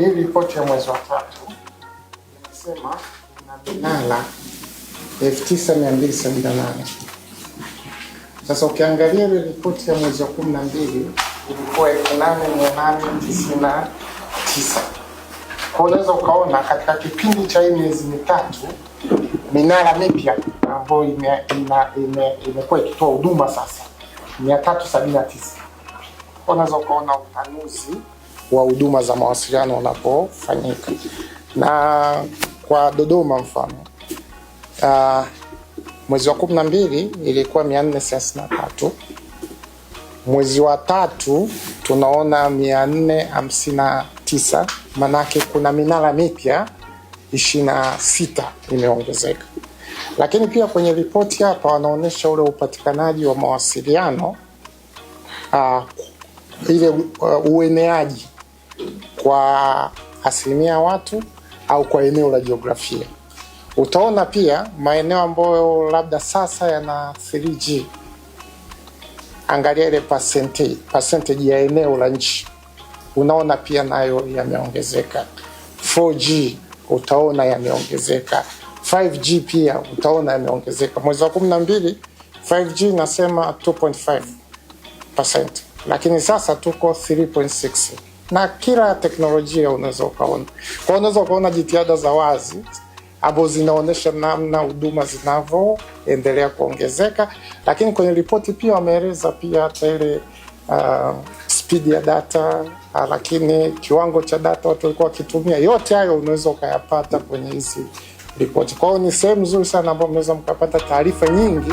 Hii ripoti ya mwezi wa tatu inasema kuna minara 9278. Sasa ukiangalia ile ripoti ya mwezi wa 12 ilikuwa 8899. Kwa unaweza ukaona katika kipindi cha hii miezi mitatu minara mipya ambayo imekuwa ikitoa huduma sasa 379. Unaweza ukaona upanuzi wa huduma za mawasiliano unapofanyika. Na kwa Dodoma mfano, uh, mwezi wa kumi na mbili ilikuwa mia nne thelathini na tatu mwezi wa tatu tunaona mia nne hamsini na tisa manake kuna minara mipya ishirini na sita imeongezeka. Lakini pia kwenye ripoti hapa wanaonyesha ule upatikanaji wa mawasiliano uh, ile uh, ueneaji kwa asilimia watu au kwa eneo la jiografia. Utaona pia maeneo ambayo labda sasa yana 3G, angalia ile percentage, ya eneo la nchi, unaona pia nayo yameongezeka. 4G utaona yameongezeka, 5G pia utaona yameongezeka. Mwezi wa 12 5G nasema 2.5%, lakini sasa tuko 3.6 na kila teknolojia unaweza ukaona. Kwa unaweza ukaona jitihada za wazi ambao zinaonyesha namna huduma zinavyoendelea kuongezeka, lakini kwenye ripoti pia wameeleza pia hata ile uh, spidi ya data uh, lakini kiwango cha data watu walikuwa wakitumia. Yote hayo unaweza ukayapata kwenye hizi ripoti. Kwa hiyo ni sehemu nzuri sana ambayo mnaweza mkapata taarifa nyingi.